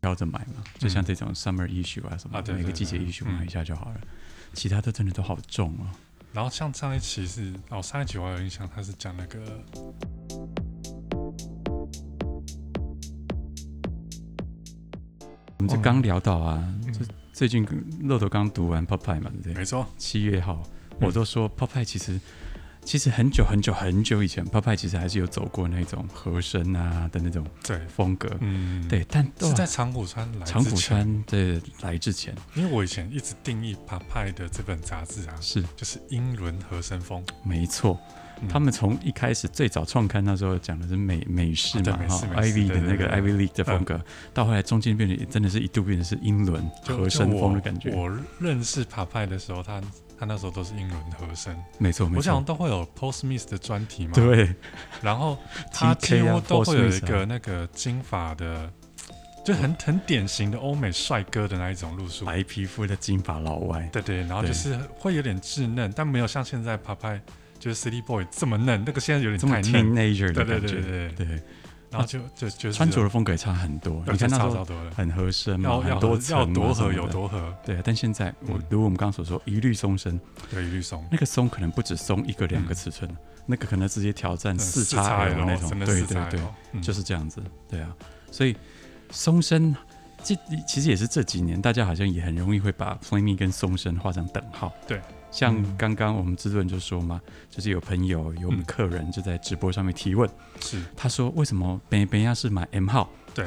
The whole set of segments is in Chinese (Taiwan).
挑着買嘛，就像這種 summer issue 啊什麼，啊、對對對、每個季節 issue 買一下就好了。嗯、其他的真的都好重哦。然後像上一期是哦，上一期我有印象，他是講那個。嗯、我們就剛聊到啊，嗯、就最近肉頭剛讀完 Popeye 嘛，對不對？沒錯，七月號，我都說 Popeye 其實。其實很久很久很久以前，Papai 其實還是有走過那種和聲啊的那種風格，對，嗯、對，但是在長谷川來長谷川的來之前，之前因為我以前一直定義 Papai 的這本雜誌啊，是就是英倫和聲風，沒錯，嗯、他們從一開始最早創刊那時候講的是美美式嘛，哈、啊、，Ivy 的那個 Ivy League 的風格，嗯、到後來中間變成也真的是一度變成是英倫和聲風的感覺。我,我認識 Papai 的時候，他。他那時候都是英倫和聲，沒錯沒錯。我想都會有 Paul Smith 的專題嘛，對。然後他幾乎都會有一個那個金髮的，就很很典型的歐美帥哥的那一種路數，白皮膚的金髮老外，對，對對。然後就是會有點稚嫩，對但沒有像現在拍拍就是 city boy 這麼嫩，那個現在有點太這麼 teenager 的感覺，對，對對對對。然後就就就穿着的風格也差很多，你看那時很合身，要要多要多合有多合，對。但現在我如我們剛剛所說一律鬆身，對，一律鬆，那個鬆可能不止鬆一個兩個尺寸，那個可能直接挑戰 4XL 的那種，對對對，就是這樣子，對啊。所以鬆身這其實也是這幾年大家好像也很容易會把 flaming 跟鬆身畫上等號，對。像剛剛我們製作人就說嘛，就是有朋友有客人就在直播上面提問，是他說為什麼明明家是買 M 號，對，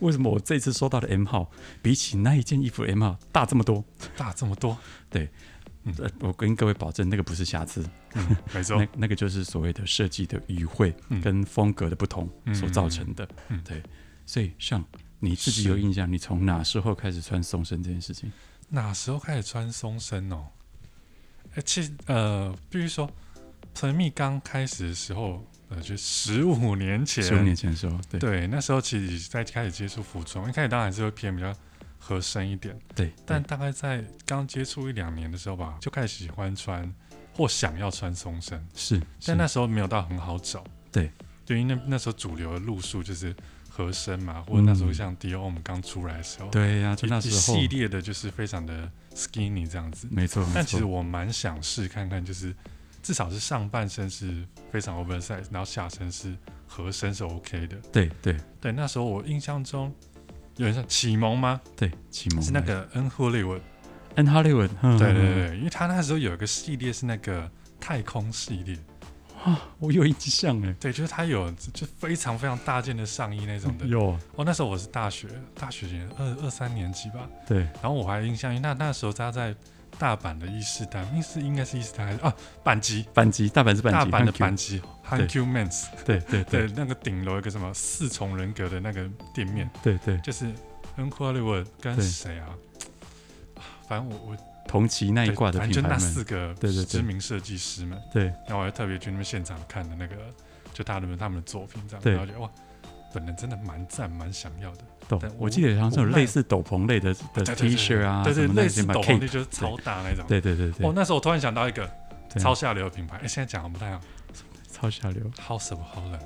為什麼我這次收到的 M 號比起那一件衣服 M 號大這麼多，大這麼多，對，我跟各位保證那個不是瑕疵，沒錯，那個就是所謂的設計的語彙跟風格的不同所造成的，對，所以像你自己有印象，你從哪時候開始穿鬆身這件事情？哪時候開始穿鬆身哦？哎，其實呃，比如說，陳密剛開始的時候，呃，就十五年前，十五年前的時候，對，對，那時候其實在開始接觸服裝，一開始當然還是會偏比較合身一點，對，對但大概在剛接觸一兩年的時候吧，就開始喜歡穿或想要穿鬆身，是，是但那時候沒有到很好找，對，對於那那時候主流的路數就是。合身嘛，或者，那時候像 Dior 我們剛出來的時候，嗯、對呀、啊，就那時系列，的就是非常的 skinny 這樣子，沒錯，沒錯，但其實我蠻想試看看，就是至少是上半身是非常 oversize，然後下身是合身是 OK 的。對對對，那時候我印象中有人像啟蒙嗎？對啟蒙是那個 N Hollywood，N Hollywood，, Hollywood 呵呵對對對，因為他那時候有一個系列是那個太空系列。啊、哦，我有印象哎，對，就是他有就非常非常大件的上衣那種的。嗯、有、啊，哦，那時候我是大學大學二二三年級吧。對，然後我還印象，那那時候他在大阪的伊勢丹，應是應該是伊勢丹還是啊阪急阪急？大阪是阪急。大阪的阪急。阪急 MEN'S。對對對，那個頂樓有個什麼四重人格的那個店面。對對，對就是阪急 MEN 跟誰啊？啊對反正我我。同齊那一掛的品牌，就那四個知名設計師們，對，對。然後我還特別去他們現場看了那個，就他們他們的作品這樣，對。然後我覺得哇，本人真的蠻讚，蠻想要的。斗，但我，我記得好像是有類似斗篷類的那的 T 恤啊，對對，對類似斗篷類就是超大那種，對對對，對。哦、喔，那時候我突然想到一個超下流的品牌，哎、欸，現在講的不太好。好下流，好什麼？好冷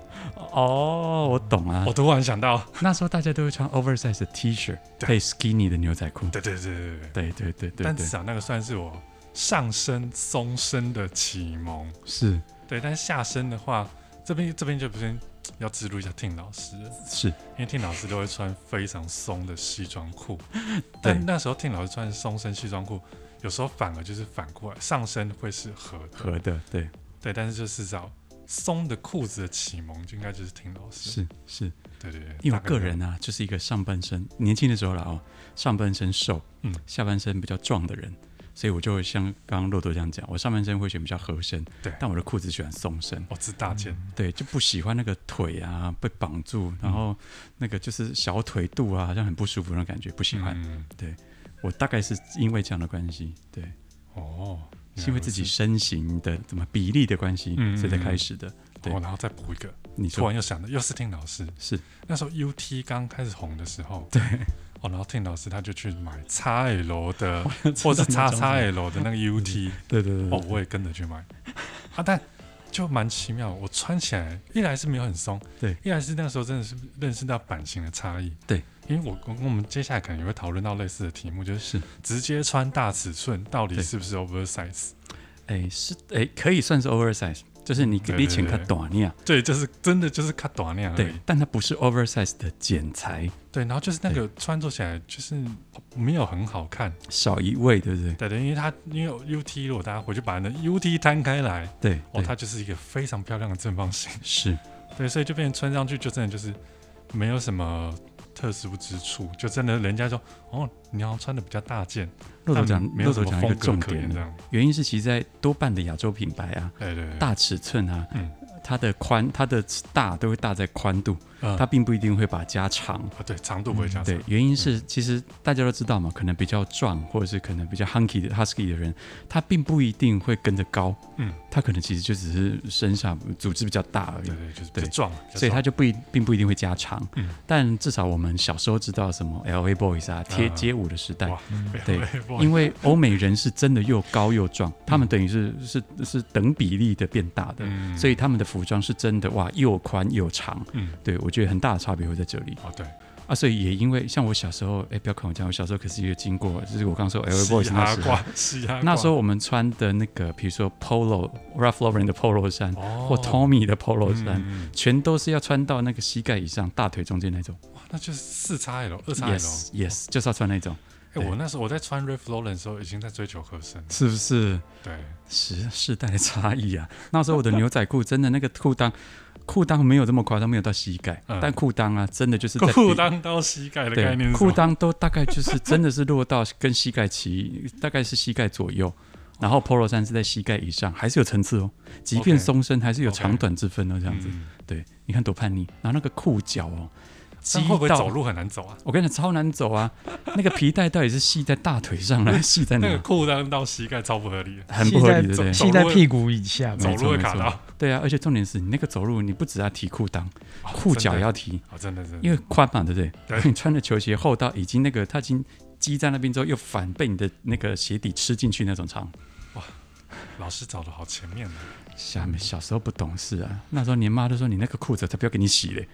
哦！我懂啊！我突然想到，那時候大家都會穿 oversize 的 T 恤，配 skinny 的牛仔褲。對對對對對對對對。但至少那個算是我上身鬆身的啟蒙。是。對，但是下身的話，這邊這邊就不是要植入一下 Tim 老師了。是。因為 Tim 老師都會穿非常鬆的西裝褲。但那時候 Tim 老師穿鬆身西裝褲，有時候反而就是反過來，上身會是合合的。對對，但是就是找。鬆的褲子的啟蒙就應該就是聽老師的，是，是是，對對對，因為我個人啊，就是一個上半身年輕的時候啦哦，上半身瘦，嗯，下半身比較壯的人，所以我就會像剛剛駱駝這樣講，我上半身會選比較合身，對，但我的褲子喜歡鬆身，我、哦、自大件，嗯、對，就不喜歡那個腿啊被綁住，然後那個就是小腿肚啊，好像很不舒服那種感覺，不喜歡，嗯、對，我大概是因為這樣的關係，對，哦。是因為自己身形的怎麼比例的關係，才、嗯嗯、所以在開始的。對，哦、然後再補一個，你說突然又想到又是聽老師。是那時候 U T 剛開始紅的時候。對。哦，然後聽老師他就去買 X L 的，或者叉叉 L 的那個 U T。對對對。哦，我也跟着去買。啊，但就蠻奇妙，我穿起來一來是沒有很鬆，對；一來是那時候真的是認識到版型的差異，對。因為我我們接下來可能也會討論到類似的題目，就是直接穿大尺寸到底是不是 oversized？哎，是哎，可以算是 oversize 就是你可以請他短一點。對，就是真的就是卡短一點。對，但它不是 oversize 的剪裁。對，然後就是那個穿着起來就是沒有很好看，少一位，對不對？對對，因為它因為 U T 如果大家回去把那 U T 攤開來，對,對,對哦，它就是一個非常漂亮的正方形。是，對，所以就變成穿上去就真的就是沒有什麼。特殊不知處，就真的人家說哦，你要穿的比較大件。駱總講，駱總講一個重點，原因是其實，在多半的亞洲品牌啊，欸、對對對大尺寸啊。嗯嗯它的寬、它的大都會大在寬度，它並不一定會把加長啊。對，長度不會加長。對，原因是其實大家都知道嘛，可能比較壯，或者是可能比較 hunky 的 husky 的人，他並不一定會跟着高。嗯，他可能其實就只是身上組織比較大而已。對對，就是比較壯，所以他就不一並不一定會加長。嗯，但至少我們小時候知道什麼 LA Boys 啊，貼街舞的時代，對，因為歐美人是真的又高又壯，他們等於是是是等比例的變大的，所以他們的。服裝是真的哇，又寬又長。嗯，對，我覺得很大的差別會在這裡。哦，對，啊，所以也因為像我小時候，哎，不要跟我講，我小時候可是也有經過，就是我剛說 L-boy 那那時候我們穿的那個，比如說 Polo、Ralph Lauren 的 Polo 衫，或 Tommy 的 Polo 衫，全都是要穿到那個膝蓋以上、大腿中間那種。哇，那就是四叉 L、二叉 L，yes，就是要穿那種。哎，我那時候我在穿 Ralph Lauren 的時候，已經在追求合身，是不是？對。時時代差異啊！那時候我的牛仔褲真的那個褲襠，褲襠 沒有這麼誇張，沒有到膝蓋，嗯、但褲襠啊，真的就是褲襠到膝蓋的概念，褲襠都大概就是真的是落到跟膝蓋齊， 大概是膝蓋左右。然後 polo 衫是在膝蓋以上，還是有層次哦。即便鬆身，還是有長短之分哦。這樣子，okay, okay. 對你看多叛逆，然後那個褲腳哦。會不會走路很難走啊？我跟你講，超難走啊！ 那個皮帶到底是繫在大腿上呢，繫在 那個褲襠到膝蓋超不合理，很不合理的。繫在帶屁股以下，走路會卡到。對啊，而且重點是你那個走路，你不只要提褲襠，褲腳、哦、要提，哦、因為寬嘛，對不對？對你穿的球鞋厚到已經那個，它已經擠在那邊之後，又反被你的那個鞋底吃進去那種長。老師找的好前面呢。下面小時候不懂事啊，那時候你媽都說你那個褲子她不要給你洗嘞，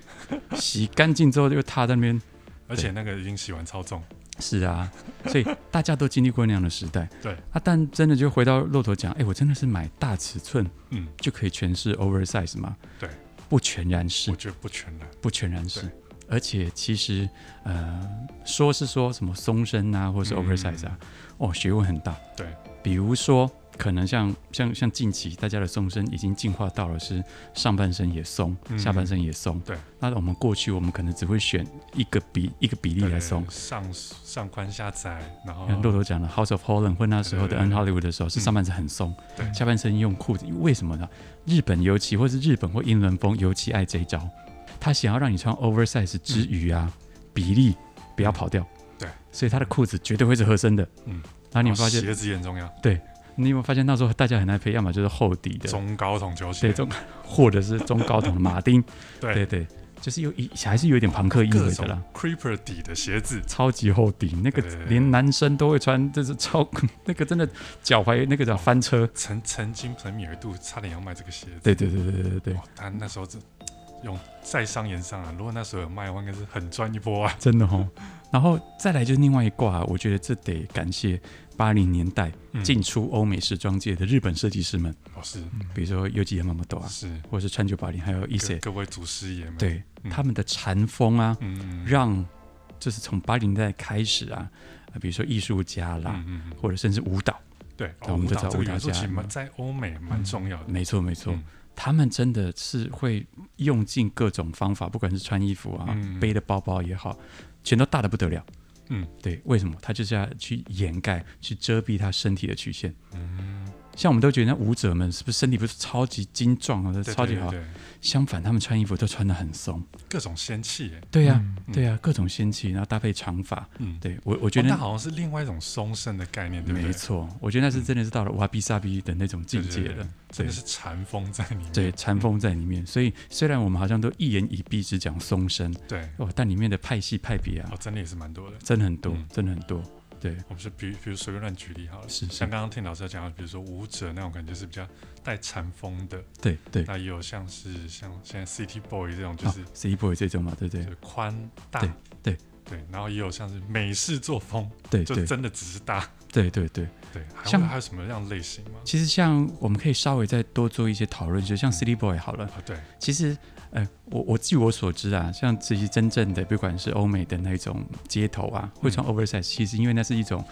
洗乾淨之後就躺在那邊，而且那個已經洗完超重。是啊，所以大家都經歷過那樣的時代。對啊，但真的就回到駱駝講，哎，我真的是買大尺寸，嗯，就可以詮釋 oversize 嗎？對，不全然是。我覺得不全然，不全然是。而且其實，呃，說是說什麼鬆身啊，或是 oversize 啊，哦，學問很大。對，比如說。可能像像像近期大家的鬆身已經進化到了是上半身也鬆，嗯、下半身也鬆。對，那我們過去我們可能只會選一個比一個比例來鬆，上上寬下窄，然後。像駱駝講的《House of Holland》混那時候的《N Hollywood》的時候，是上半身很鬆，對對對嗯、下半身用褲子，為什麼呢？對日本尤其，或是日本或英倫風尤其愛這一招，他想要讓你穿 oversize 之餘啊，嗯、比例不要跑掉。對，所以他的褲子絕對會是合身的。嗯，然後你們發現鞋子也很重要。有有對。你有沒有發現那時候大家很愛配，要麼就是厚底的中高筒球鞋，對中，或者是中高筒的馬丁， 對，對對對，就是有，有一還是有點朋克意味的啦，Creeper 底的鞋子，超級厚底，那個連男生都會穿，就是超對對對對 那個真的腳踝那個叫翻車，曾曾經 plain-me 都差點要賣這個鞋子，對對對對對對他、哦、那時候用在商言商啊！如果那時候有賣，應該是很賺一波啊！真的哦。然後再來就是另外一掛，我覺得這得感謝八零年代進出歐美時裝界的日本設計師們，是，比如說優衣庫也蠻多啊，是，或者是川久保玲，還有一些各位祖師爺，對，他們的禪風啊，讓就是從八零代開始啊，比如說藝術家啦，或者甚至舞蹈，對，我們就知道舞蹈家，在歐美蠻重要的，沒錯，沒錯。他們真的是會用盡各種方法，不管是穿衣服啊，嗯嗯，背的包包也好，全都大得不得了。嗯，對，為什麼？他就是要去掩蓋、去遮蔽他身體的曲線。嗯，像我們都覺得那舞者們是不是身體不是超級精壯啊？超級好。對對對對。相反，他們穿衣服都穿得很鬆，各種仙氣。對呀，對呀，各種仙氣，然後搭配長髮。嗯，對我我覺得那好像是另外一種鬆身的概念。對，沒錯，我覺得那是真的是到了哇比薩比的那種境界了，真的是禪風在裡面。對，禪風在裡面。所以雖然我們好像都一言以蔽之講鬆身，對哦，但裡面的派系派別啊，哦，真的也是蠻多的，真的很多，真的很多。對，我們是比比如隨便亂舉例好了，是像剛剛聽老師講的，比如說舞者那種感覺是比較。帶禪風的，對對，對那也有像是像現在 City Boy 這種，就是，就是、哦、City Boy 這種嘛，對對，寬大，對對，對，然後也有像是美式作風，對，就真的只是大對對對對，對。像還有什麼樣類型嗎？其實像我們可以稍微再多做一些討論，嗯、就像 City Boy 好了，嗯啊、對。其實，呃、我我據我所知啊，像這些真正的，不管是歐美的那種街頭啊，會穿、嗯、Oversize，其實因為那是一種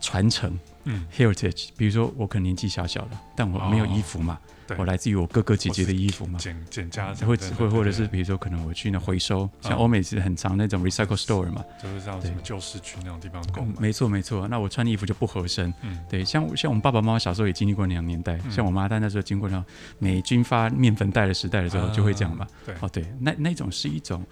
傳承。嗯，heritage，比如說我可能年紀小小的，但我沒有衣服嘛，哦、對，我來自於我哥哥姐姐的衣服嘛，撿撿家才會只會，對對對對對對或者是比如說可能我去那回收，像歐美其實很常那種 recycle store 嘛，嗯、對就是像什麼舊市區那種地方購買、嗯，沒錯沒錯，那我穿的衣服就不合身，嗯，對，像像我們爸爸媽媽小時候也經歷過那樣年代，嗯、像我媽她那時候經過那種美軍發面粉袋的時代的時候就會這樣嘛，嗯、對，哦對，那那種是一種。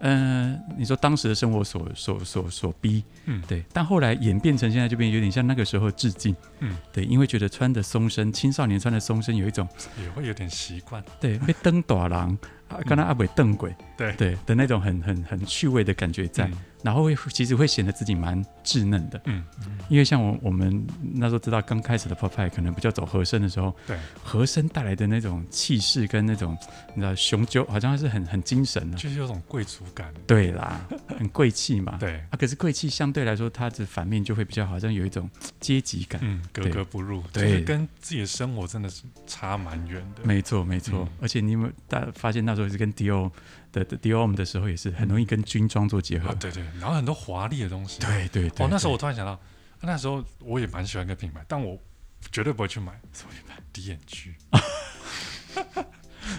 嗯、呃，你說當時的生活所所所所逼，嗯，對。但後來演變成現在就變得有點像那個時候致敬，嗯，對，因為覺得穿的鬆身，青少年穿的鬆身有一種也會有點習慣，對，被蹬大狼，剛才阿偉瞪鬼，對對的那種很很很趣味的感覺在。嗯然後會其實會顯得自己蠻稚嫩的，嗯，嗯，因為像我我們那時候知道剛開始的 Popeye 可能比較走和聲的時候，對，和聲帶來的那種氣勢跟那種你知道雄赳，好像是很很精神的，就是有種貴族感，對啦，嗯，很貴氣嘛，對，啊，可是貴氣相對來說它的反面就會比較好像有一種階級感，嗯，格格不入，對，跟自己的生活真的是差蠻遠的，沒錯對對沒錯，沒錯，嗯，而且你有沒有大發現那時候是跟迪奧。的 Dior 的時候也是很容易跟軍裝做結合，對對，對，然後很多華麗的東西，對對。對，對、哦、那時候我突然想到，那時候我也蠻喜歡一個品牌，但我絕對不會去買，所以買牌，迪奧居。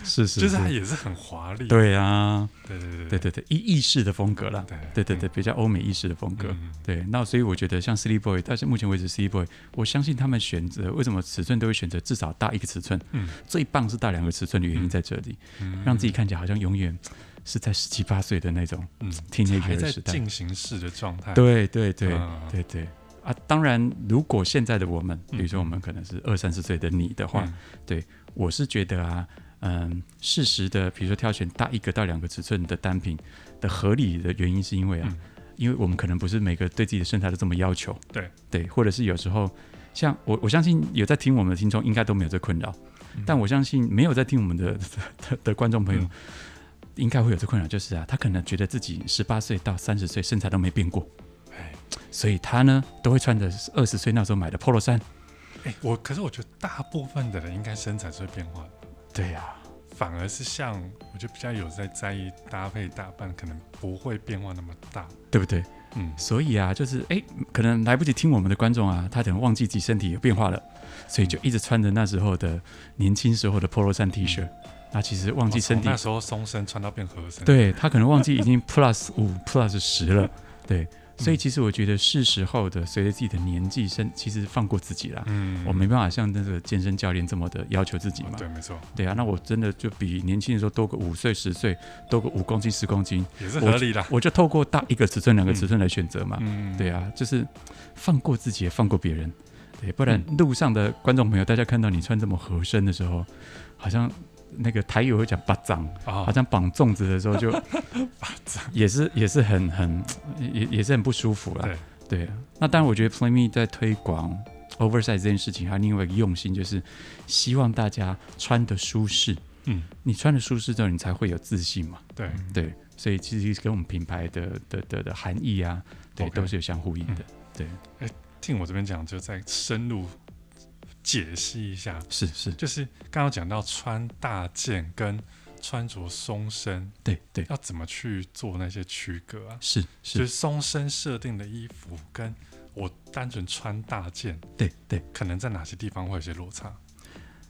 是，是，是，是，就是它也是很華麗。對啊，對對對，對對對，意式的風格了，對，對對對，比較歐美意式的風格。嗯、對，那所以我覺得像 sleep Boy，但是目前為止 sleep Boy，我相信他們選擇為什麼尺寸都會選擇至少大一個尺寸。嗯，最棒是大兩個尺寸的原因在這裡，嗯、讓自己看起來好像永遠是在十七八歲的那種嗯，teenager 時代。還在進行式的狀態。對對對、啊、對對，對啊！當然，如果現在的我們，比如說我們可能是二三十歲的你的話，嗯、對我是覺得啊。嗯，適時的，比如說挑選大一個到兩個尺寸的單品的合理的原因，是因為啊，嗯、因為我們可能不是每個對自己的身材都這麼要求，對對，或者是有時候像我，我相信有在聽我們的聽眾應該都沒有這困擾，嗯、但我相信沒有在聽我們的的、的、的觀眾朋友，應該會有這困擾，就是啊，他可能覺得自己十八歲到三十歲身材都沒變過，哎對，所以他呢都會穿着二十歲那時候買的 polo 衫，哎、欸，我可是我覺得大部分的人應該身材是會變化的。對呀、啊，反而是像，我就比較有在在意搭配打扮，可能不會變化那麼大，對不對？嗯，所以啊，就是哎，可能來不及聽我們的觀眾啊，他可能忘記自己身體有變化了，嗯、所以就一直穿着那時候的年輕時候的 polo 衫 T 恤，那、嗯啊、其實忘記身體、哦、那時候鬆身穿到變合身，對他可能忘記已經 plus 五 plus 十了，對。所以其實我覺得是時候的，隨着自己的年紀，身其實放過自己了。嗯，我沒辦法像那個健身教練這麼的要求自己嘛。對，沒錯。對啊，那我真的就比年輕的時候多個五歲十歲，多個五公斤十公斤也是合理的。我就透過大一個尺寸、兩個尺寸來選擇嘛。嗯，對啊，就是放過自己，也放過別人。對，不然路上的觀眾朋友，大家看到你穿這麼合身的時候，好像。那個台語會講八掌，oh. 好像綁粽子的時候就八也是 掌也是很很也也是很不舒服啦。對，對那當然我覺得 plain-me 在推廣 Oversize 這件事情，還有另外一個用心，就是希望大家穿得舒適。嗯，你穿得舒適之後，你才會有自信嘛。對對，所以其實跟我們品牌的的的的含義啊，對，Okay 都是有相呼應的。嗯、對、欸，聽我這邊講，就在深入。解釋一下，是是，就是剛剛講到穿大件跟穿着鬆身，對對，要怎麼去做那些區隔啊？是是，就是鬆身設定的衣服，跟我單純穿大件，對對，可能在哪些地方會有些落差？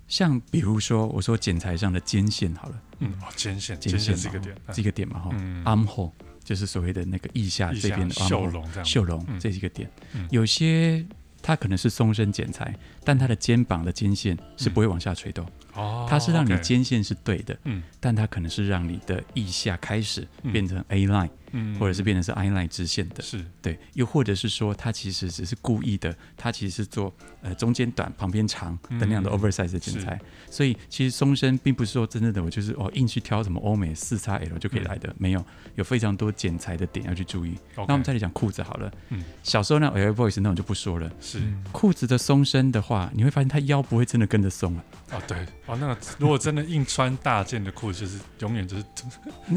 像比如說我說剪裁上的肩線，好了，嗯，哦，肩線肩線是一個點，這個點嘛哈，armhole 就是所謂的那個腋下這邊的袖籠這樣，袖籠這幾個點，有些。它可能是鬆身剪裁，但它的肩膀的肩線是不會往下垂的。嗯它是讓你肩線是對的，哦 okay、嗯，但它可能是讓你的腋下開始變成 A line，嗯，嗯或者是變成是 I line 直線的，是，對，又或者是說它其實只是故意的，它其實是做呃中間短、旁邊長的那樣的 oversize 的剪裁，嗯、所以其實鬆身並不是說真正的我就是哦硬去挑什麼歐美四叉 L 就可以來的，嗯、沒有，有非常多剪裁的點要去注意。嗯、那我們再來講褲子好了，嗯，小時候那 Air Voice 那我就不說了，是褲、嗯、子的鬆身的話，你會發現它腰不會真的跟着鬆啊，哦、啊、對。哦，那如果真的硬穿大件的褲子，就是永遠就是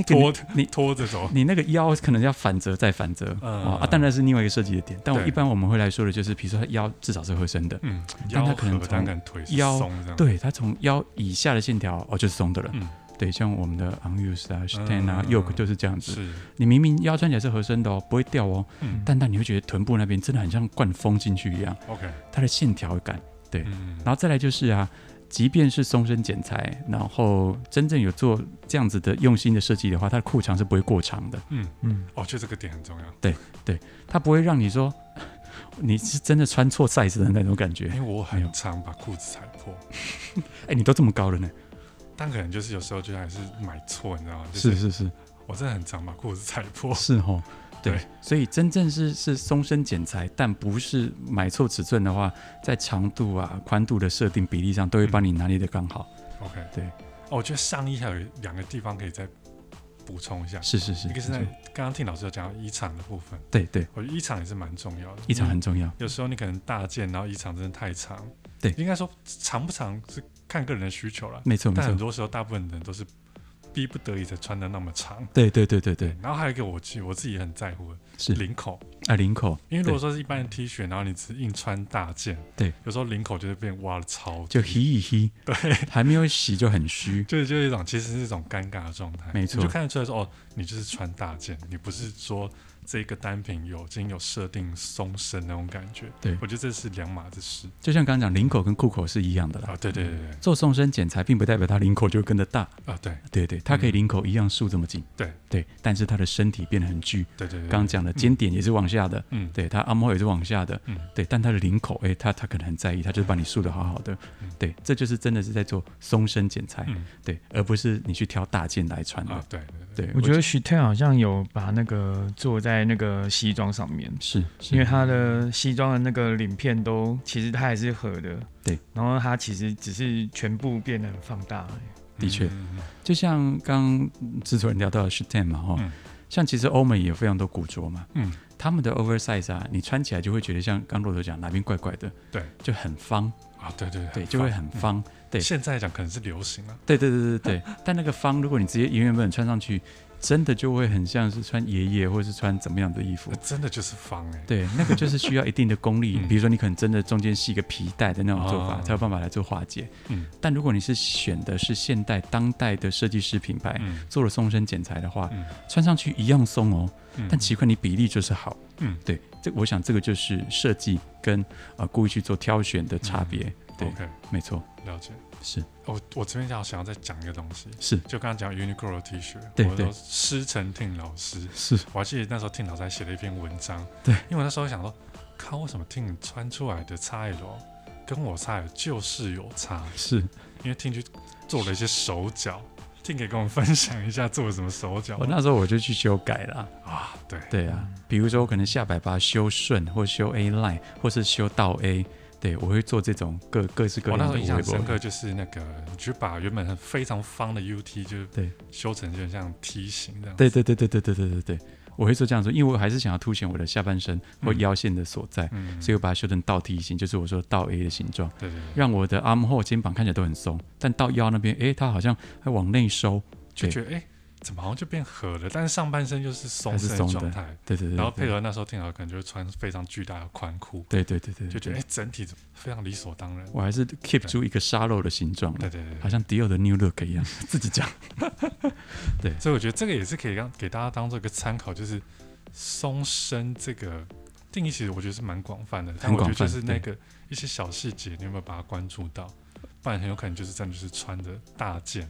拖你拖着走，你那個腰可能要反折再反折，啊，當然是另外一個設計的點。但我一般我們會來說的就是，比如說他腰至少是合身的，嗯，但他可能從腰對他從腰以下的線條哦就是鬆的了，對，像我們的 Onus 啊、Stan 啊、Yoke 就是這樣子，你明明腰穿起來是合身的哦，不會掉哦，嗯，但但你會覺得臀部那邊真的很像灌風進去一樣，OK，它的線條感，對，然後再來就是啊。即便是鬆身剪裁，然後真正有做這樣子的用心的設計的話，它的褲長是不會過長的。嗯嗯，哦、嗯，就這個點很重要。對對，它不會讓你說你是真的穿錯 size 的那種感覺。因為我很常把褲子踩破，哎沒有、 欸，你都這麼高了呢，但可能就是有時候就還是買錯，你知道嗎？就是、是是是，我真的很常把褲子踩破。是哦。對，對所以真正是是鬆身剪裁，但不是買錯尺寸的話，在長度啊、寬度的設定比例上，都會幫你拿捏的剛好。嗯、OK，對。哦，我覺得上衣還有兩個地方可以再補充一下，是是是。一個是在剛剛聽老師有講衣長的部分，對對，對我覺得衣長也是蠻重要的，衣長很重要。有時候你可能大件，然後衣長真的太長，對，應該說長不長是看個人的需求了，沒錯，沒錯。但很多時候，大部分人都是。逼不得已才穿的那麼長。對對對對對，對，對。然後還有一個，我記我自己也很在乎的是領口啊，領口。因為如果說是一般的 T 恤，對然後你只硬穿大件，對，有時候領口就會被挖超的超，就黑一黑，對，還沒有洗就很虛，就是就是一種其實是一種尷尬的狀態。沒錯錯，就看得出來說哦，你就是穿大件，你不是說。這個單品已經有設定鬆身那種感覺，對我覺得這是兩碼子事。就像剛剛講，領口跟褲口是一樣的啦。啊，對對對，做鬆身剪裁，並不代表它領口就跟着大啊。對對對，它可以領口一樣束這麼緊。對對，但是它的身體變得很巨。對對，剛剛講的肩點也是往下的。嗯，對，它阿摩也是往下的。嗯，對，但它的領口，哎，他他可能很在意，他就是把你束得好好的。對，這就是真的是在做鬆身剪裁。對，而不是你去挑大件來穿。啊，對對，我覺得許天好像有把那個坐在。在那個西裝上面，是因為它的西裝的那個領片都，其實它還是合的，對。然後它其實只是全部變得很放大。的確，就像剛製作人聊到的是 Ten 嘛，哈，像其實歐美也有非常多古着嘛，嗯，他們的 oversize 啊，你穿起來就會覺得像剛駱駝講哪邊怪怪的，對，就很方啊，對對對，就會很方。對，現在來講可能是流行了，對對對，但那個方，如果你直接永遠不能穿上去。真的就會很像是穿爺爺或是穿怎麼樣的衣服，真的就是方哎。對，那個就是需要一定的功力，比如說你可能真的中間繫一個皮帶的那種做法，才有辦法來做化解。嗯，但如果你是選的是現代當代的設計師品牌，做了鬆身剪裁的話，穿上去一樣鬆哦。但奇怪你比例就是好。嗯，對，這我想這個就是設計跟啊故意去做挑選的差別。對，沒錯，了解。是，我我這邊想想要再講一個東西，是就剛剛講 UNIQLO T 恤，shirt，對對對，我的師承 TiN 老師，是，我還記得那時候 TiN 老師還寫了一篇文章，對，因為我那時候想說，看為什麼 TiN 穿出來的差額跟我差就是有差，是因為 TiN 去做了一些手腳。TiN 可以跟我們分享一下做了什麼手腳？ 我那時候我就去修改了，啊，對，對啊，比如說我可能下擺把它修順，或修 A line，或是修倒 A。對，我會做這種各各式各樣的。我、哦、那回想深刻就是那個，對你去把原本非常方的 UT，就是對修成就像梯形這樣。對對對對對對對對,對,對我會做這樣做，因為我還是想要凸顯我的下半身或腰線的所在，嗯、所以我把它修成倒梯形，就是我說倒 A 的形狀、嗯。對對,對。讓我的 armhole 肩膀看起來都很鬆，但到腰那邊，哎、欸，它好像還往內收，就覺得哎。欸怎麼好像就變合了？但是上半身又是鬆身狀態，對對對。然後配合那時候天豪可能就穿非常巨大的寬褲，對對對對，對對對對，就覺得哎，整體非常理所當然。我還是 keep 住一個沙漏的形狀了，對對，對，對好像迪奧的 new look 一樣，自己講。對，對，自己講，所以我覺得這個也是可以讓給大家當做一個參考，就是鬆身這個定義其實我覺得是蠻廣泛的，但我覺得就是那個一些小細節，你有沒有把它關注到？不然很有可能就是這樣，就是穿的大件。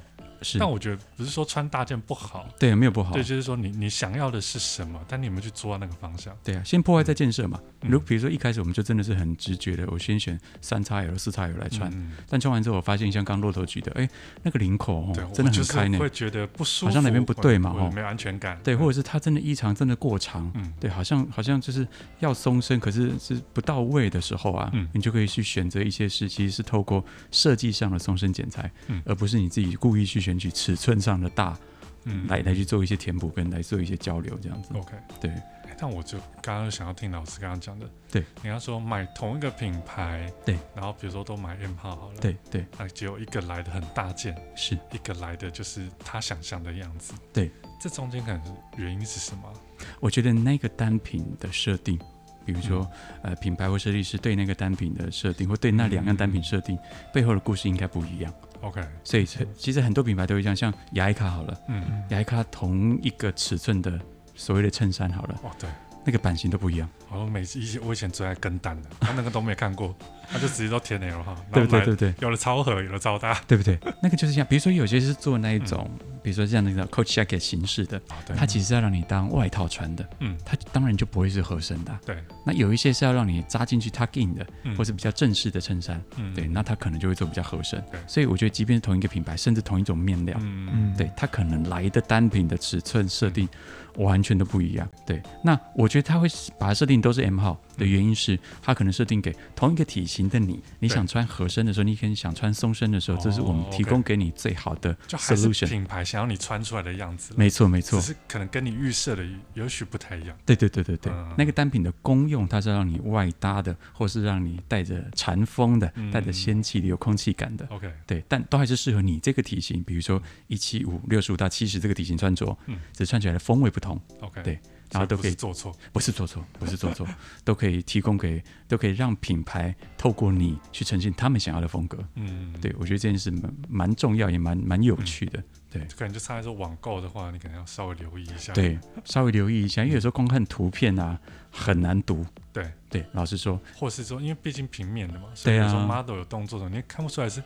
但我覺得不是說穿大件不好，對，沒有不好，對，就是說你你想要的是什麼，但你有沒有去做那個方向。對啊，先破壞再建設嘛。如比如說一開始我們就真的是很直覺的，我先選 3XL、4XL 來穿，但穿完之後我發現像剛駱駝舉的，哎，那個領口對真的很開，你會覺得不舒服，好像哪邊不對嘛，沒有安全感。對，或者是它真的衣長真的過長，嗯，對，好像好像就是要鬆身，可是是不到位的時候啊，你就可以去選擇一些事，其實是透過設計上的鬆身剪裁，而不是你自己故意去選。根據尺寸上的大，嗯，來來去做一些填補，跟來做一些交流，這樣子。OK，對。但我就剛剛想要聽老師剛剛講的，對，你要說買同一個品牌，對，然後比如說都買 M 號好了，對對，那只有一個來的很大件，是一個來的就是他想象的樣子，對，這中間可能原因是什麼？我覺得那個單品的設定。比如說，嗯、呃，品牌或設計師對那個單品的設定，或對那兩樣單品設定、嗯、背後的故事應該不一樣。OK，所以其實很多品牌都一樣，像雅艾卡好了，嗯，雅艾卡同一個尺寸的所謂的襯衫好了，哦對，那個版型都不一樣。哦，每次以前我以前最愛跟單的，他、 啊、那個都沒看過。他就直接都填那了哈，對對對對，有了超合，有了超大，對不對？那個就是像，比如說有些是做那一種，比如說像那個 Coach Jacket 形式的，它其實是要讓你當外套穿的，嗯，它當然就不會是合身的，對。那有一些是要讓你扎進去 tuck in 的，或是比較正式的襯衫，對，那它可能就會做比較合身。所以我覺得，即便是同一個品牌，甚至同一種面料，嗯，對，它可能來的單品的尺寸設定完全都不一樣，對。那我覺得它會把它設定都是 M 號的原因是，它可能設定給同一個體。型的你，你想穿合身的時候，你可能想穿鬆身的時候，這是我們提供給你最好的 solution。Oh, okay. 品牌想要你穿出來的樣子沒，沒錯沒錯，只是可能跟你預設的也許不太一樣。對對對對對，嗯、那個單品的功用，它是讓你外搭的，或是讓你帶着禪風的，帶着仙氣的，有空氣感的。嗯、OK，對，但都還是適合你這個體型，比如說一七五六十五到七十這個體型穿着，只穿起來的風味不同。嗯、OK，對。然後都可以，以做錯，不是做錯，不是做錯， 都可以提供給，都可以讓品牌透過你去呈現他們想要的風格。嗯，對，我覺得這件事蠻蠻重要，也蠻蠻有趣的。嗯、對，可能就差在說網購的話，你可能要稍微留意一下。對，嗯、稍微留意一下，因為有時候光看圖片啊，很難讀。對對，對，老實說，或是說，因為畢竟平面的嘛，對啊，雖然說 model 有動作的，啊、你也看不出來是。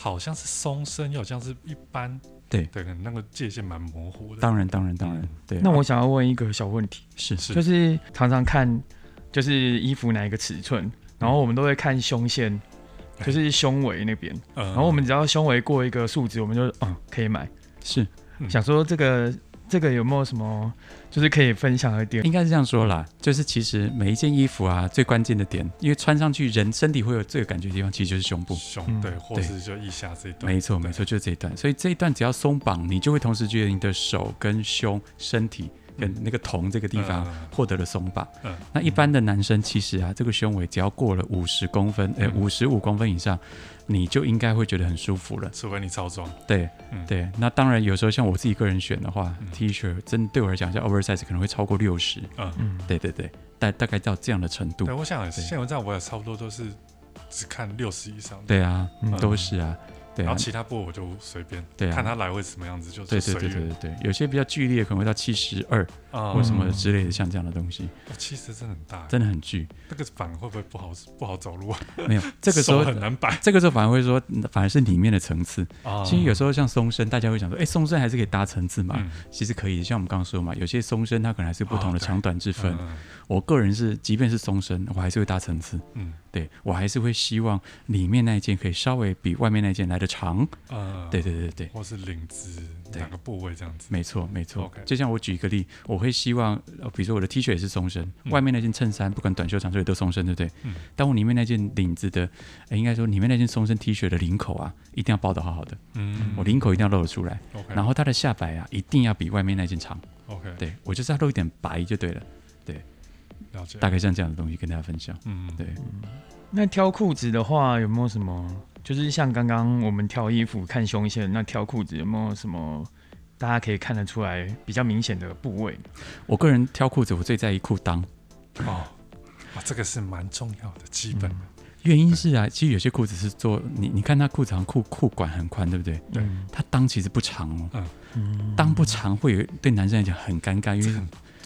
好像是鬆身，又好像是一般的。對對，那個界限蠻模糊的。當然，當然，當然，對。嗯、那我想要問一個小問題，是是、嗯，就是常常看，就是衣服哪一個尺寸，是然後我們都會看胸線，嗯、就是胸圍那邊，嗯、然後我們只要胸圍過一個數值，我們就、嗯、可以買。是，想說這個。這個有沒有什麼就是可以分享一點？應該是這樣說啦。就是其實每一件衣服啊，最關鍵的點，因為穿上去人身體會有最有感覺的地方，其實就是胸部，胸對，嗯、或是就腋下這一段。對沒錯，沒錯，就這一段。所以這一段只要鬆綁，對你就會同時覺得你的手跟胸、身體跟那個臀這個地方獲得了鬆綁。嗯嗯、那一般的男生其實啊，這個胸圍只要過了五十公分，嗯、誒五十五公分以上。你就應該會覺得很舒服了，除非你超壯。對，嗯、對，那當然有時候像我自己個人選的話、嗯、，T 恤真對我來講，像 oversize 可能會超過六十、嗯。嗯對對對，大大概到這樣的程度。我想對現在我也差不多都是只看六十以上，對啊，嗯嗯、都是啊。對啊，然後其他部位我就隨便，對、啊，看他來會是什麼樣子就。就隨便對，對對對對對，有些比較劇烈可能會到七十二。或什麼之類的，像這樣的東西，其實是很大，真的很巨。那個反而會不會不好不好走路啊？沒有，這個時候很難擺。這個時候反而會說，反而是裡面的層次。嗯、其實有時候像鬆身，大家會想說，哎、欸，鬆身還是可以搭層次嘛？嗯、其實可以，像我們剛剛說嘛，有些鬆身它可能還是不同的長短之分。啊、嗯嗯我個人是，即便是鬆身，我還是會搭層次。嗯，對我還是會希望裡面那一件可以稍微比外面那一件來得長。啊、嗯，對對對對，或是領子哪個部位這樣子？沒錯沒錯。就像我舉一個例，我會。希望，比如說我的 T 恤也是鬆身，嗯、外面那件襯衫不管短袖長袖也都鬆身，對不對？嗯、但我裡面那件領子的，哎、欸，應該說裡面那件鬆身 T 恤的領口啊，一定要包得好好的，嗯，我領口一定要露得出來。嗯 okay、然後它的下擺啊，一定要比外面那件長。OK，對我就是要露一點白就對了，對，了解，大概像這樣的東西跟大家分享。嗯，對。嗯、那挑褲子的話有沒有什麼？就是像剛剛我們挑衣服看胸線，那挑褲子有沒有什麼？大家可以看得出來比較明顯的部位。我個人挑褲子，我最在意褲襠、哦。哦，這個是蠻重要的，基本。嗯、原因是啊，對其實有些褲子是做你你看它褲長褲褲管很寬，對不對？對。它襠其實不長哦。嗯。襠不長會對男生來講很尷尬，因為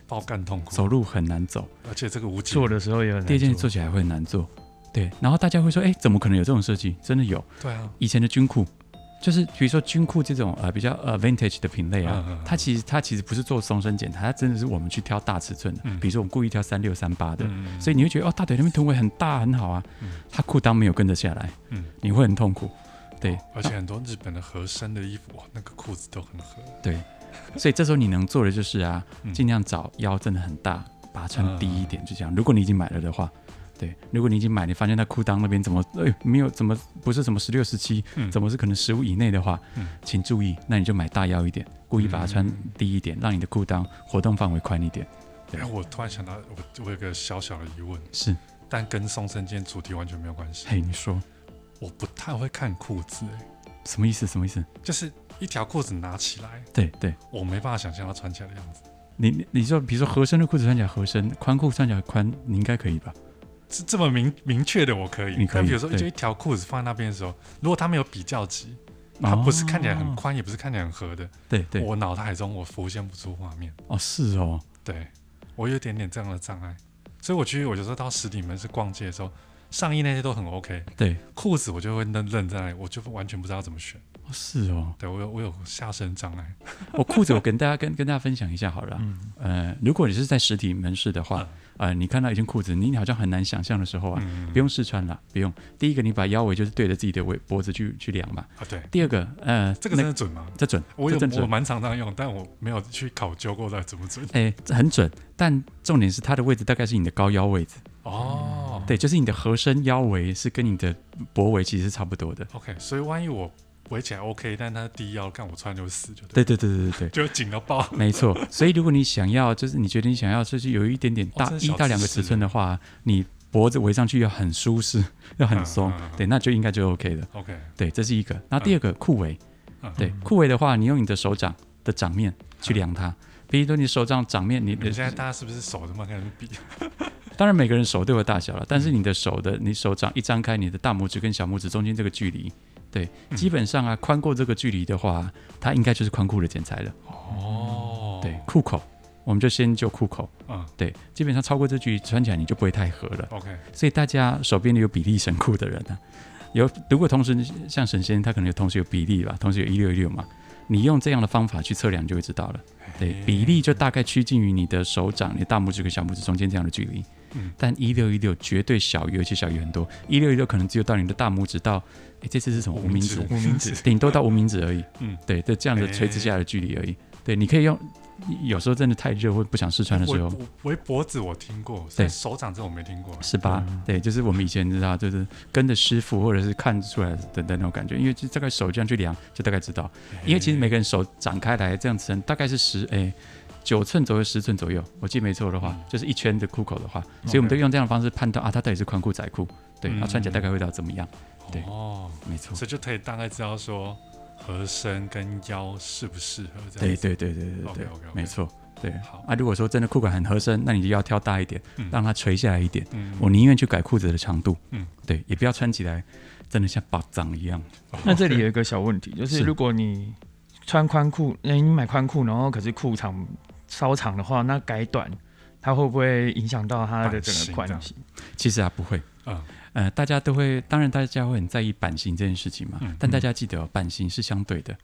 包干痛苦，走路很難走。而且這個無解。坐的時候也很難做。第一件事做起來會很難做。對。然後大家會說，哎、欸，怎麼可能有這種設計？真的有。對啊。以前的軍褲。就是比如說軍褲這種呃比較呃 vintage 的品類啊，嗯嗯、它其實它其實不是做鬆身剪裁，它真的是我們去挑大尺寸的。嗯、比如說我們故意挑三六三八的，嗯、所以你會覺得哦，大腿那邊臀圍很大很好啊，嗯、它褲襠沒有跟着下來，嗯、你會很痛苦。對，哦、而且很多日本的合身的衣服，啊、那個褲子都很合。對，所以這時候你能做的就是啊，嗯、儘量找腰真的很大，把它穿低一點，嗯、就這樣。如果你已經買了的話。對，如果你已經買，你發現他褲襠那邊怎麼哎，沒有怎麼不是怎麼十六十七，怎麼是可能十五以內的話，嗯、請注意，那你就買大腰一點，故意把它穿低一點，嗯、讓你的褲襠活動範圍寬一點。哎、欸，我突然想到，我我有個小小的疑問，是，但跟鬆身間主題完全沒有關係。嘿，你說，我不太會看褲子、欸，什麼意思？什麼意思？就是一條褲子拿起來，對對，對我沒辦法想象它穿起來的樣子。你你就比如說合身的褲子穿起來合身，寬褲穿起來寬，你應該可以吧？這麼明明確的，我可以。那比如說，就一條褲子放在那邊的時候，對如果他沒有比較級，它不是看起來很寬，哦、也不是看起來很合的，對，對我腦袋中我浮現不出畫面。哦，是哦，對，我有點點這樣的障礙，所以我其實，我就說到實體門是逛街的時候，上衣那些都很 OK，對，褲子我就會愣愣在那裡，我就完全不知道怎麼選。哦，是哦，對我有我有下身障礙，我、 哦、褲子我跟大家跟跟大家分享一下好了，嗯、呃，如果你是在實體門市的話。嗯啊、呃，你看到一件褲子，你好像很難想象的時候啊，嗯、不用試穿了，不用。第一個，你把腰圍就是對着自己的圍脖子去去量嘛。啊，對。第二個，呃，這個真的準嗎？這準。我有準，我蠻常常用，但我沒有去考究過到底準不準。哎、欸，很準，但重點是它的位置大概是你的高腰位置。哦。對，就是你的合身腰圍是跟你的脖圍其實是差不多的。OK，所以萬一我。圍起來 OK，但是它低腰，看我穿就死就對了，對對對對 就緊到爆。沒錯，所以如果你想要，就是你覺得你想要，就是有一點點大，哦、一到兩個尺寸的話、啊，你脖子圍上去要很舒適，要很鬆，啊啊啊、對，那就應該就 OK 的。OK，、啊啊啊、對，這是一個。那第二個，褲圍、啊，對，褲圍的話，你用你的手掌的掌面去量它。比如說，你手掌掌面，你現在大家是不是手這麼跟人比？當然，每個人手都有大小了，嗯、但是你的手的，你手掌一張開，你的大拇指跟小拇指中間這個距離。對，基本上啊，寬過這個距離的話、啊，它應該就是寬褲的剪裁了。哦，對，褲口，我們就先就褲口。嗯，對，基本上超過這距離，穿起來你就不會太合了。OK，、嗯、所以大家手邊有比例神褲的人呢、啊，有如果同時像神仙他可能有同時有比例吧，同時有一六一六嘛，你用這樣的方法去測量就會知道了。嘿對，比例就大概趨近於你的手掌，你大拇指跟小拇指中間這樣的距離。嗯、但一六一六絕對小於，而且小於很多。一六一六可能只有到你的大拇指到，哎，這次是什麼無名指？無名指，頂 多到無名指而已。嗯，對，對，這樣子垂直下的距離而已。哎、對，你可以用，有時候真的太熱或不想試穿的時候，圍、哎、脖子我聽過，對，手掌這種我沒聽過。對18對,嗎對，就是我們以前知道，就是跟着師傅或者是看出來的那種感覺，因為這這個手這樣去量，就大概知道。哎、因為其實每個人手展開來這樣子，大概是十哎九寸左右，十寸左右，我記得沒錯的話，就是一圈的褲口的話，所以我們都用這樣的方式判斷啊，它到底是寬褲窄褲，對，它穿起來大概會到怎麼樣？對，哦，沒錯，所以就可以大概知道說合身跟腰適不適合。對對對對對沒錯，對。好，那如果說真的褲管很合身，那你就要挑大一點，讓它垂下來一點。我寧願去改褲子的長度。嗯，對，也不要穿起來真的像巴掌一樣。那這裡有一個小問題，就是如果你穿寬褲，那你買寬褲，然後可是褲長。稍長的話，那改短，它會不會影響到它的整個版型，型？其實啊，不會。嗯，呃，大家都會，當然大家會很在意版型這件事情嘛。嗯嗯。但大家記得哦，版型是相對的，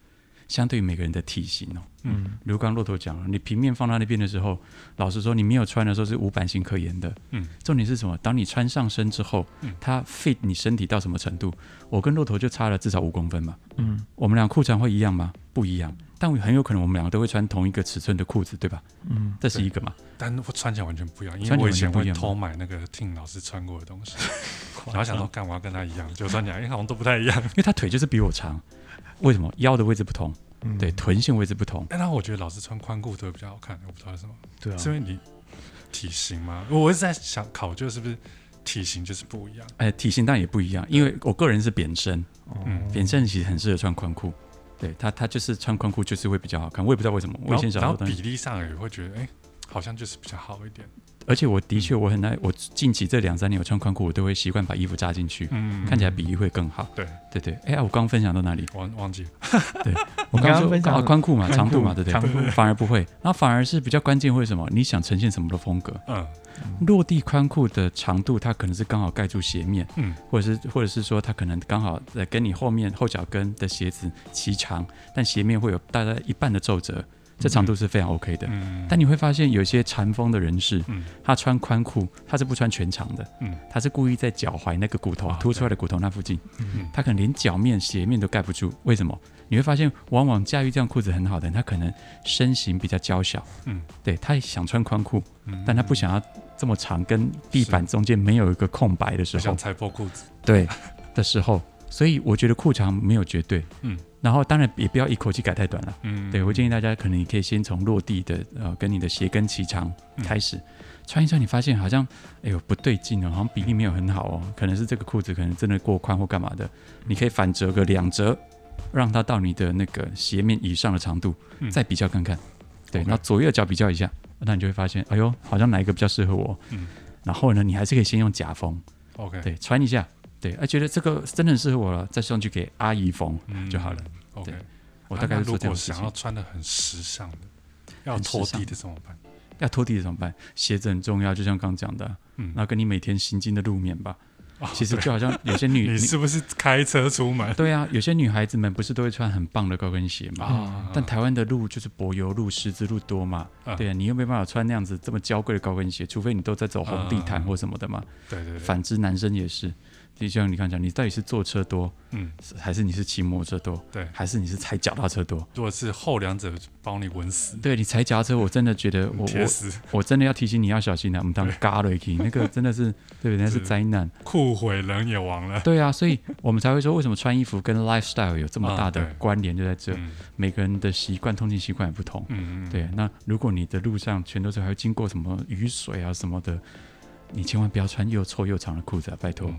相對於每個人的體型哦。嗯。如剛駱駝講了，你平面放到那邊的時候，老實說，你沒有穿的時候是無版型可言的。嗯。重點是什麼？當你穿上身之後，它 fit 你身體到什麼程度？我跟駱駝就差了至少五公分嘛。嗯。我們倆褲長會一樣嗎？不一樣。但很有可能我們兩個都會穿同一個尺寸的褲子，對吧？嗯，這是一個嘛。但我穿起來完全不一樣，因為我以前會偷買那個 Tim 老師穿過的東西， 張然後想說幹嘛跟他一樣，就穿起來，因為我們都不太一樣。因為他腿就是比我長，為什麼？腰的位置不同，嗯、對，臀線位置不同。那我覺得老師穿寬褲都會比較好看，我不知道為什麼。對啊，是因為你體型嗎？我一直在想考究是不是體型就是不一樣。哎、呃，體型當然也不一樣，對因為我個人是扁身，嗯，扁身其實很適合穿寬褲。對他，他就是穿寬褲，就是會比較好看。我也不知道為什麼，後我以前小時候，然後比例上也會覺得，哎、欸，好像就是比較好一點。而且我的確我很愛，我近期這兩三年我穿寬褲，我都會習慣把衣服扎進去，嗯、看起來比例會更好。對，對對對，哎、欸啊，我剛分享到哪裡？忘忘記了？對，我剛剛說寬褲嘛， 褲長度嘛，對對，對？褲反而不會，那反而是比較關鍵，會什麼？你想呈現什麼的風格？嗯，嗯落地寬褲的長度，它可能是剛好蓋住鞋面，嗯或，或者是或者是說，它可能剛好在，跟你後面後腳跟的鞋子齊長，但鞋面會有大概一半的皺褶。這長度是非常 OK 的，嗯、但你會發現有些禪風的人士，嗯、他穿寬褲，他是不穿全長的，嗯、他是故意在腳踝那個骨頭凸、哦、出來的骨頭那附近，嗯嗯、他可能連腳面、鞋面都蓋不住。為什麼？你會發現，往往駕馭這樣褲子很好的人，他可能身形比較嬌小，嗯、對，他也想穿寬褲，嗯、但他不想要這麼長，跟地板中間沒有一個空白的時候，想踩破褲子，對 的時候。所以我覺得褲長沒有絕對，嗯，然後當然也不要一口氣改太短了，嗯、嗯，對，我建議大家可能你可以先從落地的呃跟你的鞋跟齊長開始、嗯、穿一穿，你發現好像哎呦不對勁哦，好像比例沒有很好哦，嗯、可能是這個褲子可能真的過寬或幹嘛的，嗯、你可以反折個兩折，讓它到你的那個鞋面以上的長度，嗯、再比較看看，嗯、對，然後左右腳比較一下，那你就會發現哎呦好像哪一個比較適合我，嗯，然後呢你還是可以先用假縫，OK，對，穿一下。對，哎，覺得這個真的很適合我了，再送去給阿姨縫就好了。對，我大概是做這樣，如果想要穿得很時尚的，要拖地的怎麼辦？要拖地的怎麼辦？鞋子很重要，就像剛講的，嗯，那跟你每天行經的路面吧，其實就好像有些女，你是不是開車出門？對啊，有些女孩子們不是都會穿很棒的高跟鞋嘛？但台灣的路就是柏油路、十字路多嘛？對啊，你又沒辦法穿那樣子這麼嬌貴的高跟鞋，除非你都在走紅地毯或什麼的嘛？對對對。反之，男生也是。就像你剛才講，你到底是坐車多，嗯，還是你是騎摩托車多？對，還是你是踩腳踏車多？如果是後兩者幫你穩死，對你踩腳踏車，我真的覺得我我真的要提醒你要小心了。我們當時嘎瑞克，那個真的是對，那個是災難，褲毀人也亡了。對啊，所以我們才會說，為什麼穿衣服跟 lifestyle 有這麼大的關聯？就在這，每個人的習慣，通勤習慣也不同。嗯嗯，對。那如果你的路上全都是還要經過什麼雨水啊什麼的，你千萬不要穿又臭又長的褲子啊，拜託。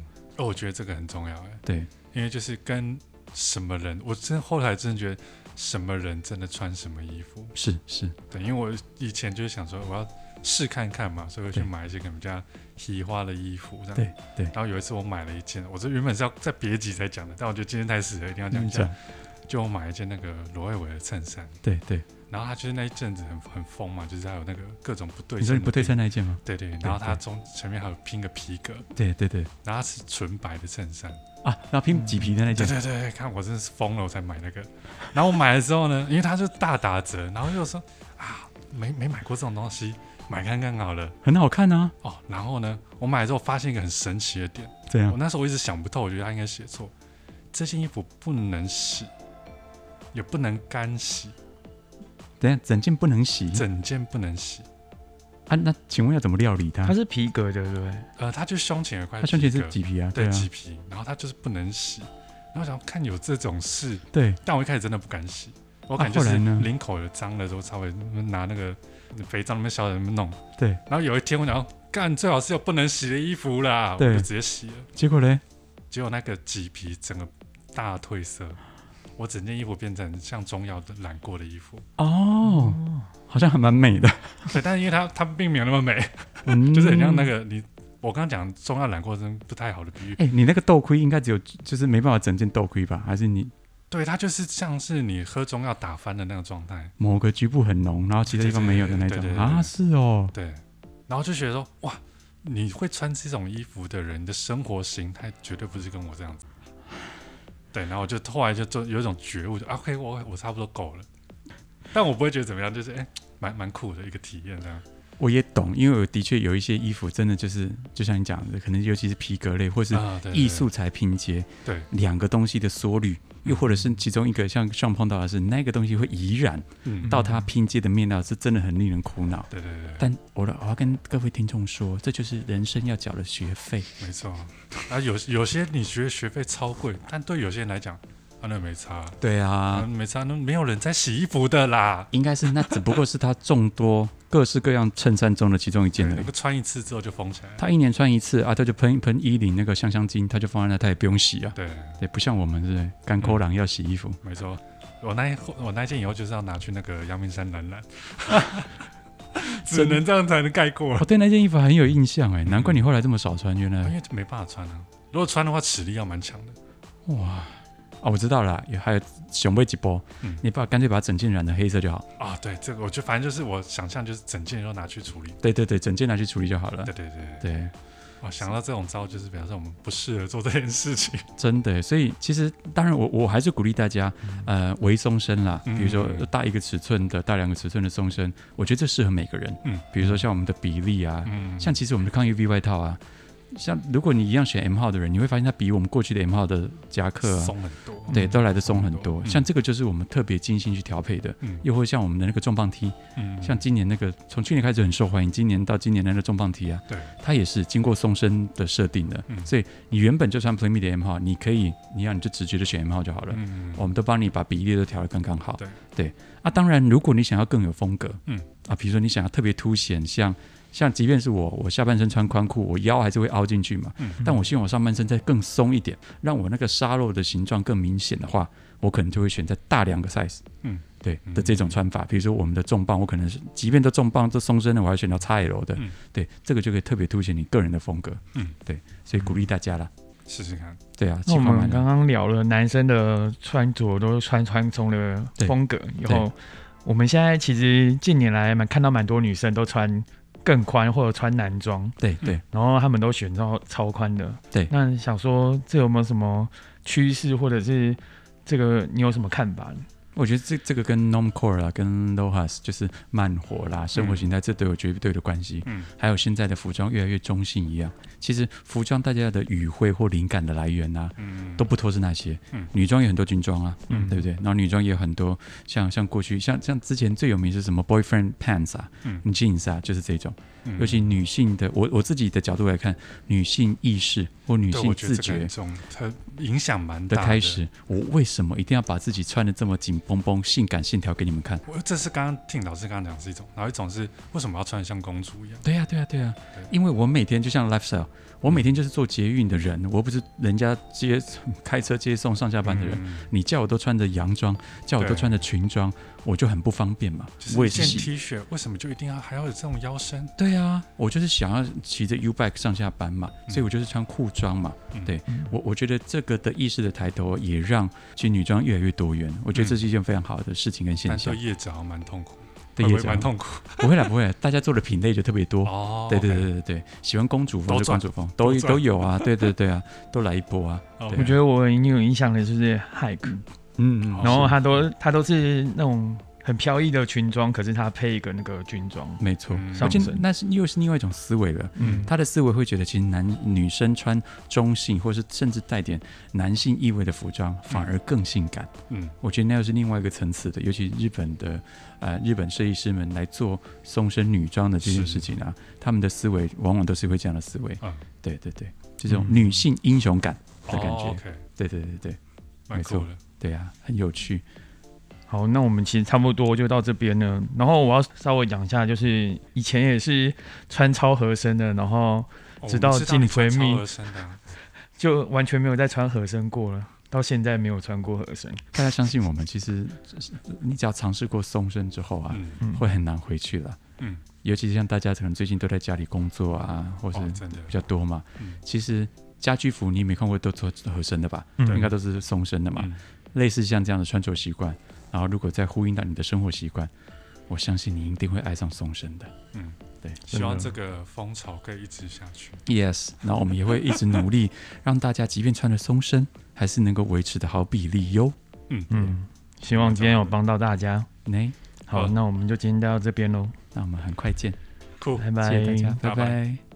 哦，我覺得這個很重要哎。對，因為就是跟什麼人，我真後來真的覺得什麼人真的穿什麼衣服。是是，是對，因為我以前就是想說我要試看看嘛，所以我去買一些比較嘻哈的衣服。對對。樣對對，然後有一次我買了一件，我這原本是要在別集才講的，但我覺得今天太適合了，一定要講一下。嗯、就我買一件那個羅愛偉的襯衫。對對。對然後他就是那一陣子很很瘋嘛，就是還有那個各種不對稱。你說你不對稱那一件嗎？對，對對，然後它中前面還有拼個皮革。對對對。然後它是純白的襯衫啊，然後拼麂皮的那件，嗯。對對對，看我真的是瘋了，我才買那個。然後我買了之後呢， 因為它是大打折，然後又說啊，沒沒買過這種東西，買看看好了，很好看啊。哦，然後呢，我買了之後發現一個很神奇的點，這樣。我那時候我一直想不透，我覺得它應該寫錯，這件衣服不能洗，也不能乾洗。等下，整件不能洗。整件不能洗。啊，那請問要怎麼料理它？它是皮革的，對不對？呃，它就胸前有一塊，它胸前是麂皮啊，對，啊，麂皮。然後它就是不能洗。然後我想看，有這種事，對。但我一開始真的不敢洗，我感覺是領口有髒的時候，稍微拿那個肥皂，那麼小的那麼弄。對。然後有一天我想說，幹，最好是有不能洗的衣服啦，對我就直接洗了。結果呢，結果那個麂皮整個大褪色。我整件衣服變成像中藥染過的衣服哦，oh, 嗯、好像還蠻美的。對，但是因為它它並沒有那麼美， 就是很像那個你我剛剛講中藥染過真的不太好的比喻。欸、你那個豆灰應該只有就是沒辦法整件豆灰吧？還是你？對，它就是像是你喝中藥打翻的那個狀態，某個局部很濃，然後其他地方沒有的那種。對對對對對，啊，是哦。對，然後就覺得說哇，你會穿這種衣服的人，你的生活形態絕對不是跟我這樣子。對，然後我就突然就就有一種覺悟，就、啊、OK，我我差不多夠了，但我不會覺得怎麼樣，就是哎，蠻蠻，蠻酷的一個體驗這、啊、樣。我也懂，因為我的確有一些衣服，真的就是就像你講的，可能尤其是皮革類或是異素材拼接、啊，對、對、對、對，兩個東西的縮率。又或者是其中一個像、像碰到的是那個東西會暈染到它拼接的面料，是真的很令人苦惱、嗯。對對對。但我我要跟各位聽眾說，這就是人生要繳的學費。沒錯，啊，有有些你覺得學費超貴，但對有些人來講，啊，那沒差。對啊，沒差，那沒有人在洗衣服的啦。應該是那只不過是他眾多，各式各樣襯衫中的其中一件的、那個、穿一次之後就封起來。他一年穿一次啊，他就噴一噴衣領那個香香精，他就放在那，他也不用洗啊。對對，不像我們是干扣狼、嗯、要洗衣服。沒錯，我那一我那一件以後就是要拿去那個陽明山懶懶， 只能這樣才能蓋過。我對那件衣服很有印象哎，難怪你後來這麼少穿，嗯、原來、啊、因為沒辦法穿啊。如果穿的話，尺力要蠻強的。哇。啊、哦，我知道了，有還有熊威吉波，嗯、你把乾脆把整件染成黑色就好。啊、哦，對這個，我覺得反正就是我想象，就是整件都拿去處理。對對對，整件拿去處理就好了。對對對對。對對對哇，想到這種招，就是表示我們不適合做這件事情。是真的，所以其實當然我我還是鼓勵大家，嗯、呃，微鬆身啦，比如說大一個尺寸的，嗯、大兩個尺寸的鬆身，我覺得這適合每個人。嗯。比如說像我們的比例啊，嗯、像其實我們的抗 UV 外套啊。像如果你一樣選 M 號的人，你會發現它比我們過去的 M 號的夾克鬆、啊、很多，對，都來的鬆很多。嗯、很多像這個就是我們特別精心去調配的，嗯、又或像我們的那個重磅 T，、嗯、像今年那個從去年開始很受歡迎，今年到今年的那個重磅 T 啊，嗯、它也是經過鬆身的設定的。嗯、所以你原本就算 plain-me 的 M 號，你可以，你要你就直覺的選 M 號就好了。嗯、我們都幫你把比例都調得剛剛好。對對，啊，當然如果你想要更有風格，嗯，啊，比如說你想要特別凸顯像。像即便是我，我下半身穿寬褲，我腰還是會凹進去嘛。嗯、哼但我希望我上半身再更鬆一點，讓我那個沙漏的形狀更明顯的話，我可能就會選擇大兩個 size。嗯。對的，這種穿法，比如說我們的重磅，我可能是即便都重磅都鬆身了，我還選到 XL 的。嗯、對，這個就可以特別凸顯你個人的風格。嗯。對，所以鼓勵大家啦，試試看。對啊，那我們剛剛聊了男生的穿着都穿寬鬆的風格以後，對對，我們現在其實近年來蠻看到蠻多女生都穿更寬，或者穿男裝，對對、嗯，然後他們都選擇超寬的，對。那想說，這有沒有什麼趨勢，或者是這個你有什麼看法呢？我覺得這這個跟 normcore 啊，跟 LOHAS 就是慢活啦，生活形態、嗯、這都有絕對的關係。嗯。還有現在的服裝越來越中性一樣，其實服裝大家的語彙或靈感的來源吶、啊，嗯都不脫是那些。嗯。女裝有很多軍裝啊，嗯，對不對？然後女裝也有很多像像過去像像之前最有名是什麼 boyfriend pants 啊，嗯，jeans 啊，就是這種。嗯、尤其女性的，我我自己的角度來看，女性意識或女性自覺，重它影響蠻大的開始。我，我為什麼一定要把自己穿的這麼緊？蹦蹦性感線條給你們看。我這是剛剛聽老師剛剛講是一種，然後一種是為什麼要穿得像公主一樣？對呀，啊、對呀，啊、對呀，啊，對。因為我每天就像 lifestyle，我每天就是坐捷運的人，嗯、我又不是人家接開車接送上下班的人。嗯、你叫我都穿着洋裝，叫我都穿着裙裝。對我就很不方便嘛，我也是。T 恤為什麼就一定要還要有這種腰身？對啊，我就是想要騎着 U bike 上下班嘛，所以我就是穿褲裝嘛。對，我我覺得這個的意識的抬頭，也讓其實女裝越來越多元。我覺得這是一件非常好的事情跟現象。是葉子好像蠻痛苦的葉子，蠻痛苦。不會啦，不會，大家做的品類就特別多。哦，對對對對對，喜歡公主風就公主風，都都有啊，對對對啊，都來一波啊。我覺得我有印象的就是 Hike。嗯，然後他都他都是那種很飄逸的裙裝，可是他配一個那個軍裝，沒錯、嗯，身而且那是又是另外一種思維了。嗯，他的思維會覺得，其實男女生穿中性，或者是甚至帶點男性意味的服裝，反而更性感。嗯，我覺得那又是另外一個層次的，尤其日本的呃日本設計師們來做鬆身女裝的這件事情啊，是他們的思維往往都是會這樣的思維。嗯、對對對，就這、是、種女性英雄感的感覺。嗯哦 okay、對，對對對對，沒錯。對呀、啊，很有趣。好，那我們其實差不多就到這邊了。然後我要稍微講一下，就是以前也是穿超合身的，然後直到進、哦、你閨蜜，就完全沒有再穿合身過了。到現在沒有穿過合身。大家相信我們，其實你只要嘗試過鬆身之後啊，嗯、會很難回去了。嗯，尤其是像大家可能最近都在家裡工作啊，或是比較多嘛，哦嗯、其實家居服你沒看過都做合身的吧？嗯、應該都是鬆身的嘛。嗯類似像這樣的穿着習慣，然後如果再呼應到你的生活習慣，我相信你一定會愛上鬆身的。嗯，對，希望這個風潮可以一直下去。Yes，那我們也會一直努力，讓大家即便穿着鬆身， 還是能夠維持的好比例喲。嗯對嗯，希望今天有幫到大家。嗯、好，好，那我們就今天到這邊嘍，那我們很快見。Cool，拜拜，bye bye, 大家拜拜。Bye bye bye bye